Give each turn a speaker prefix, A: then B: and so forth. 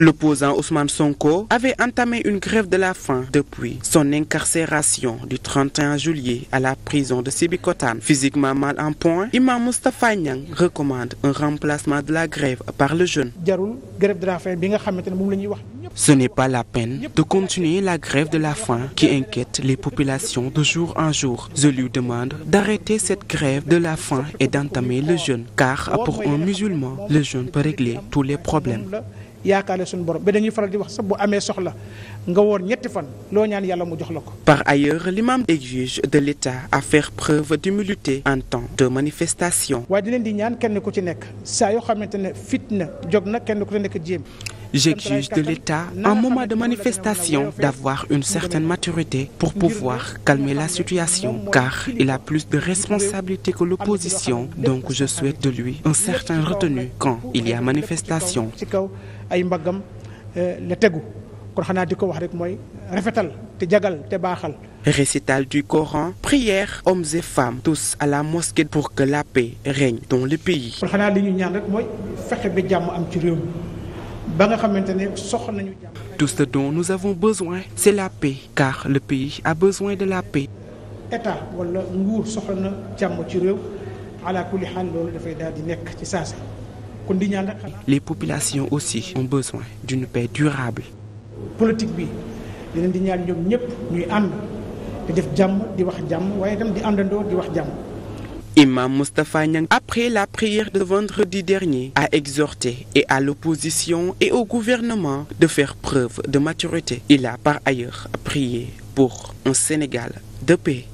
A: L'opposant Ousmane Sonko avait entamé une grève de la faim depuis son incarcération du 31 juillet à la prison de Sébikotane. Physiquement mal en point, Imam Moustapha Niang recommande un remplacement de la grève par le jeûne. Ce n'est pas la peine de continuer la grève de la faim qui inquiète les populations de jour en jour. Je lui demande d'arrêter cette grève de la faim et d'entamer le jeûne, car pour un musulman, le jeûne peut régler tous les problèmes.
B: yaakaar suñu borom ba dañuy faral di wax sax bu amee soxla nga woor ñetti fan loo ñaan yàlla mu jox la ko.
A: par ailleurs l'imam exige de l'État à faire preuve d'humilité en temps de manifestation.
B: waaye di leen di ñaan kenn ku ci nekk saa yoo xamante ne na jog na kenn ku ci nekk jéem. J'exige de l'État, en moment de manifestation,
A: d'avoir une certaine maturité pour pouvoir calmer la situation, car il a plus de responsabilités que l'opposition, donc je souhaite de lui un certain retenu quand il y a manifestation. Récital du Coran, prières, hommes et femmes, tous à la mosquée pour que la paix règne dans le pays. ba nga xamante ne soxla nañu jàmm. Tout ce dont nous avons besoin, c'est la paix, car le pays a besoin de la paix.
B: état walla nguur soxla na jàmm ci réew ala kulli xaal loolu dafay daal di nekk ci saasa kon di ñaan rek xanaa.
A: les populations aussi ont besoin d'une paix durable.
B: politique bi dinañ di ñaar ñoom ñëpp ñuy ànd di def jàmm di wax jàmm waaye itam di àndandoo di wax jàmm.
A: Imam Moustapha Niang, après la prière de vendredi dernier, a exhorté et à l'opposition et au gouvernement de faire preuve de maturité. Il a par ailleurs prié pour un Sénégal de paix.